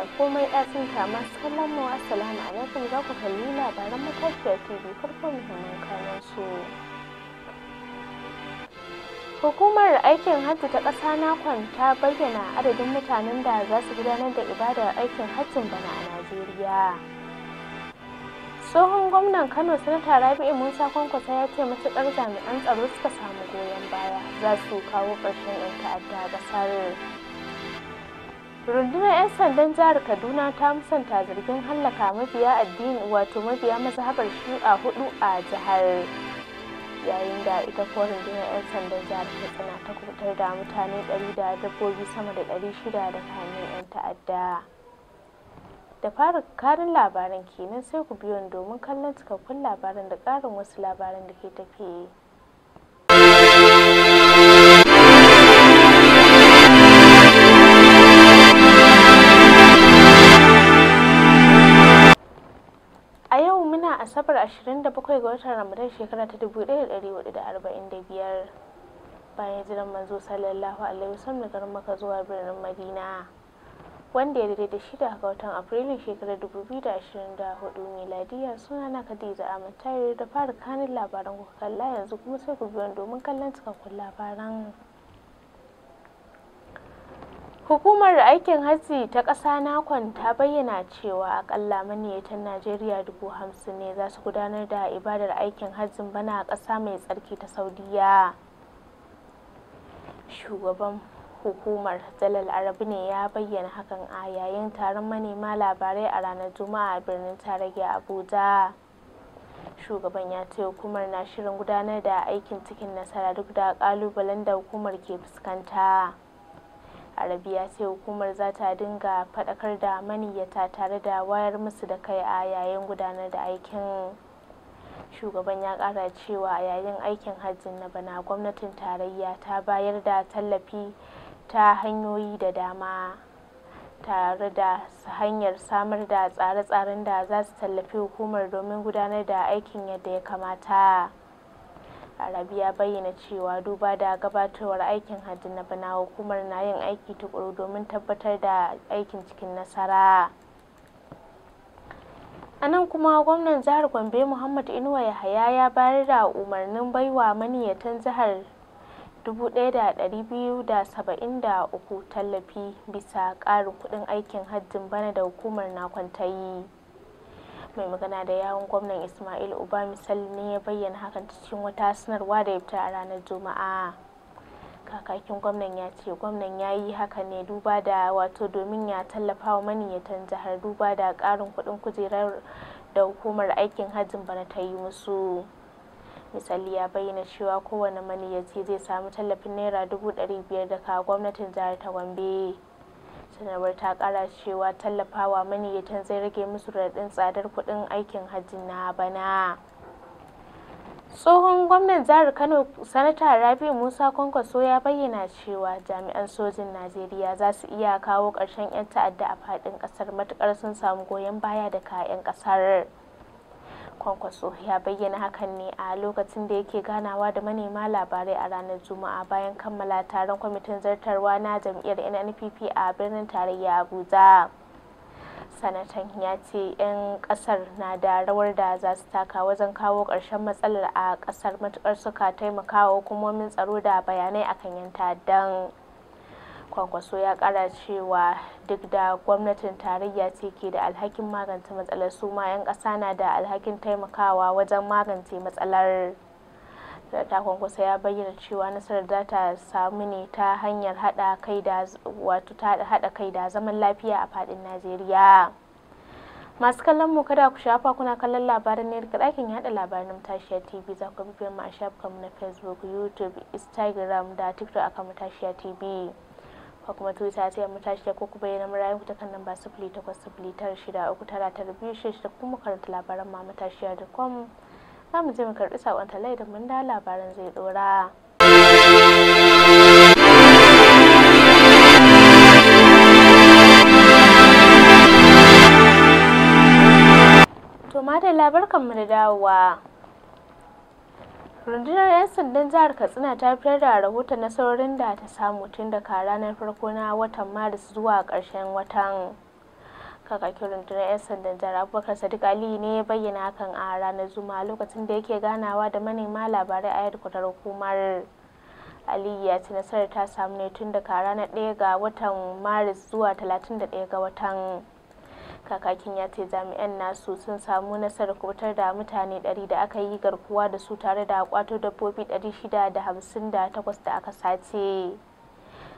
da komai sun kama kallon mu assalamu alaikum za ku kalli labaran matashiyar tv farko muhimman kayan su hukumar aikin hajji ta ƙasa nakon ta bayyana adadin mutanen da za su gudanar da ibadar aikin hajjin bana a najeriya tsohon gwamnan kano sanata rabi'u musa kwankwasa ya ce matuƙar jami'an tsaro suka samu goyon baya za su kawo ƙarshen 'yan ta'adda a ƙasar rundunar 'yan sandan jihar kaduna ta musanta zargin hallaka mabiya addini wato mabiya mazhabar shi'a hudu a jihar yayin da ita ko rundunar 'yan sandan jihar katsina ta kubutar da mutane 100 da dabbobi sama da 600 da hannun 'yan ta'adda da fara karin labaran kenan sai ku biyo domin kallon cikakkun labaran da karin wasu labaran da ke tafiye 27 ga watan Ramadan shekara ta 1445 bayan jiran manzo sallallahu alaihi wasallam daga maka zuwa birnin Madina wanda ya daidai da shida ga watan Afrilu shekarar 2024 miladiya suna na Khadija Ahmad tare da fara kanin labaran kuka kalla yanzu kuma sai ku biyo domin kallon cikakkun labaran. Hukumar aikin hajji ta ƙasa Nakon ta bayyana cewa akalla maniyyatan Najeriya dubu hamsin ne za su gudanar da ibadar aikin hajjin bana a ƙasa mai tsarki ta Saudiya. Shugaban hukumar Jalal Arabi ne ya bayyana hakan a yayin taron manema labarai a ranar Juma'a a birnin tarayya Abuja. shugaban ya ce hukumar na shirin gudanar da aikin cikin nasara duk da ƙalubalen da hukumar ke fuskanta. arabiya sai hukumar za ta dinga faɗakar da maniyyata tare da wayar musu da kai a yayin gudanar da aikin shugaban ya ƙara cewa a yayin aikin hajjin na bana gwamnatin tarayya ta bayar da tallafi ta hanyoyi da dama tare da hanyar samar da tsare-tsaren da za su tallafi hukumar domin gudanar da aikin yadda ya kamata Rabi ya bayyana cewa duba da gabatowar aikin hajji na bana hukumar na yin aiki tukuru domin tabbatar da aikin cikin nasara. A nan kuma gwamnan jihar Gombe Muhammad Inuwa Yahaya ya bayar da umarnin baiwa maniyatan jihar 1,273 tallafi bisa ƙarin kuɗin aikin hajjin bana da hukumar na kwanta mai magana da yawun gwamnan ismail uba misali ne ya bayyana hakan cikin wata sanarwa da ya fita a ranar juma'a kakakin gwamnan ya ce gwamnan ya yi haka ne duba da wato domin ya tallafa wa maniyyatan jihar duba da karin kudin kujerar da hukumar aikin hajjin bana ta yi musu misali ya bayyana cewa kowane maniyyaci zai samu tallafin naira dubu ɗari biyar daga gwamnatin jihar ta gombe sanarwar ta kara cewa tallafawa maniyyatan zai rage musu raɗin tsadar kudin aikin hajji na bana tsohon gwamnan jihar kano sanata rabi musa kwankwaso ya bayyana cewa jami'an sojin najeriya za su iya kawo ƙarshen 'yan ta'adda a faɗin ƙasar matukar sun samu goyon baya da kayan ƙasar kwankwaso ya bayyana hakan ne a lokacin da yake ganawa da manema labarai a ranar juma'a bayan kammala taron kwamitin zartarwa na jam'iyyar nnpp a birnin tarayya abuja sanatan ya ce 'yan kasar na da rawar da za su taka wajen kawo ƙarshen matsalar a kasar matukar suka taimakawa hukumomin tsaro da bayanai akan 'yan ta'addan kwankwaso ya kara cewa duk da gwamnatin tarayya ce ke da alhakin magance matsalar su ma 'yan ƙasa na da alhakin taimakawa wajen magance matsalar ta kwankwaso ya bayyana cewa nasarar za ta samu ne ta hanyar hada kai da zaman lafiya a fadin najeriya masu kallon mu kada ku shafa kuna kallon labaran ne daga ɗakin yaɗa labaran matashiya tv za ku bibiyar mu a shafukanmu na facebook youtube instagram da tiktok akan matashiya tv ko kuma twitter ta yamma tashi ko kuma yana murayen ku ta kan namba sifili takwas tara shida kuma karanta labaran ma matashiya da com za mu je mu karɓi saƙon talai da mun da labaran zai ɗora. To ma da labar mu da dawowa. rundunar 'yan sandan jihar katsina ta fitar da rahoton nasarorin da ta samu tun daga ranar farko na watan maris zuwa ƙarshen watan kakakin rundunar 'yan sandan jihar abubakar sadiq ali ne ya bayyana hakan a ranar Zuma lokacin da yake ganawa da manema labarai a yadda hukumar aliyu ya ce nasarar ta samu ne tun daga ranar 1 ga watan maris zuwa 31 ga watan kakakin ya ce jami'an nasu sun samu nasarar kotar da mutane 100 da aka yi garkuwa da su tare da kwato dabbobi 658 da aka sace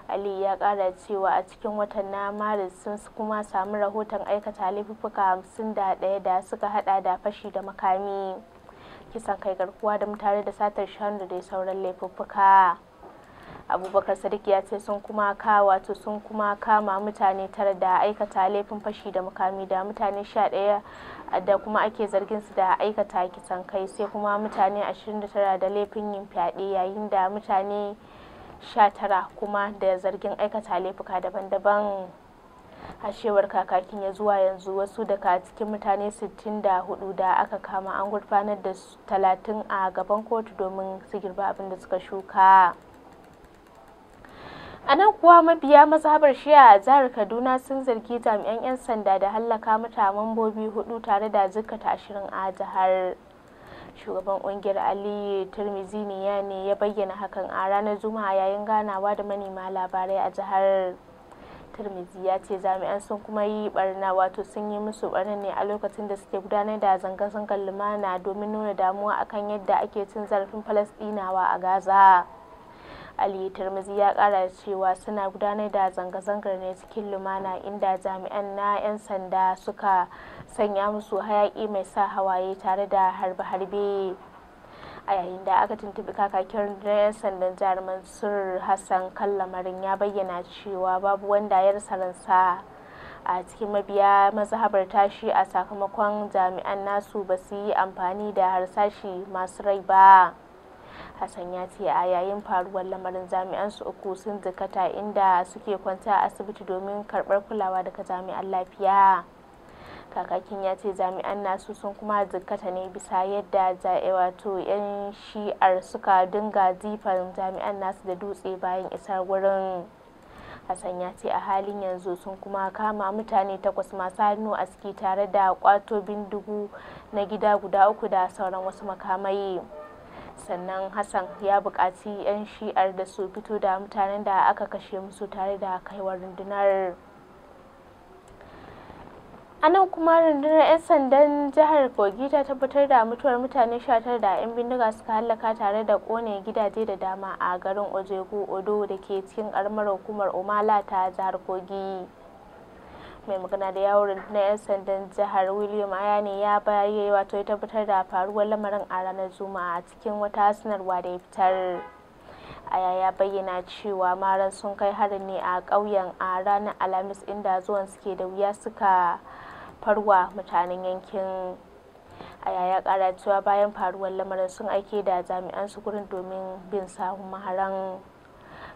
ali ya kara cewa a cikin watan na maris sun kuma samu rahoton aikata laifuka 51 da suka hada da fashi da makami kisan kai garkuwa da mutane da satar shanu da dai sauran laifuka. abubakar sadiq ya ce sun kuma ka wato sun kuma kama mutane tara da aikata laifin fashi da mukami da mutane sha ɗaya da kuma ake zargin su da aikata kisan kai sai kuma mutane 29 da laifin yin fyaɗe yayin da mutane tara kuma da zargin aikata laifuka daban-daban hashewar kakakin ya zuwa yanzu wasu daga cikin mutane 64 da aka kama an gurfanar da talatin a gaban kotu domin su girba abin da suka shuka. A nan kuwa mabiya mazhabar Shia a jihar Kaduna sun zargi jami'an 'yan sanda da hallaka mata mambobi hudu tare da zikata ashirin a jihar. Shugaban kungiyar Ali turmizi ne ya ne ya bayyana hakan a ranar Juma'a yayin ganawa da manema labarai a jihar. Tirmizi ya ce jami'an sun kuma yi barna wato sun yi musu barna ne a lokacin da suke gudanar da zanga-zangar lumana domin nuna damuwa akan yadda ake cin zarafin Falasɗinawa a Gaza. ali tirmizi ya kara cewa suna gudanar da zanga-zangar ne cikin lumana inda jami'an na 'yan sanda suka sanya musu hayaki mai sa hawaye tare da harbe-harbe a yayin da aka tuntubi kakakin yan sandan jaruman sur hassan kan lamarin ya bayyana cewa babu wanda ya rasa ransa a cikin mabiya mazhabar tashi a sakamakon jami'an nasu ba su yi amfani da harsashi masu rai ba Hassan ya ce a yayin faruwar lamarin jami'an su uku sun jikata inda suke kwanta a asibiti domin karɓar kulawa daga jami'an lafiya. Kakakin ya ce jami'an nasu sun kuma jikata ne bisa yadda wato 'yan shi'ar suka dinga jifan jami'an nasu da dutse bayan isar wurin. Hassan ya ce a halin yanzu sun kuma kama mutane takwas masu hannu a ciki tare da kwato bindigu na gida guda uku da sauran wasu makamai. sannan hassan ya bukaci 'yan shi'ar da su fito da mutanen da aka kashe musu tare da kaiwar rundunar a nan kuma rundunar 'yan sandan jihar kogi ta tabbatar da mutuwar mutane 19 da 'yan bindiga suka hallaka tare da kone gidaje da dama a garin ojego odo da ke cikin karamar hukumar omala ta jihar kogi mai magana da yawon na 'yan sandan jihar william Ayani ya bayyana wato ya tabbatar da faruwar lamarin a ranar juma'a a cikin wata sanarwa da ya fitar aya ya bayyana cewa maran sun kai harin ne a ƙauyen a ranar alhamis inda zuwan suke da wuya suka farwa mutanen yankin a yaya kara cewa bayan faruwar lamarin sun aike da jami'an su gurin domin bin sahun maharan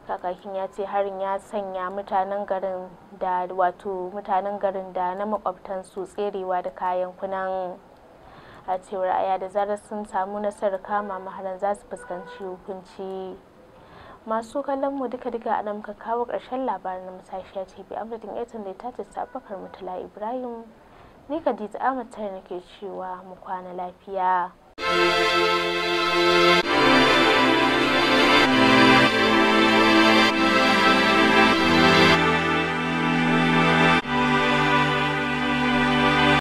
kakakin ya ce harin ya sanya mutanen garin da wato mutanen garin da na makwabtan su tserewa da kayan kunan a cewar aya da zarar sun samu nasarar kama maharan za su fuskanci hukunci masu kallon mu duka duka a nan kawo ƙarshen labarin na ya ce bi amsadin etan da ta ce sabakar mutala ibrahim ni khadija amatar nake cewa mu kwana lafiya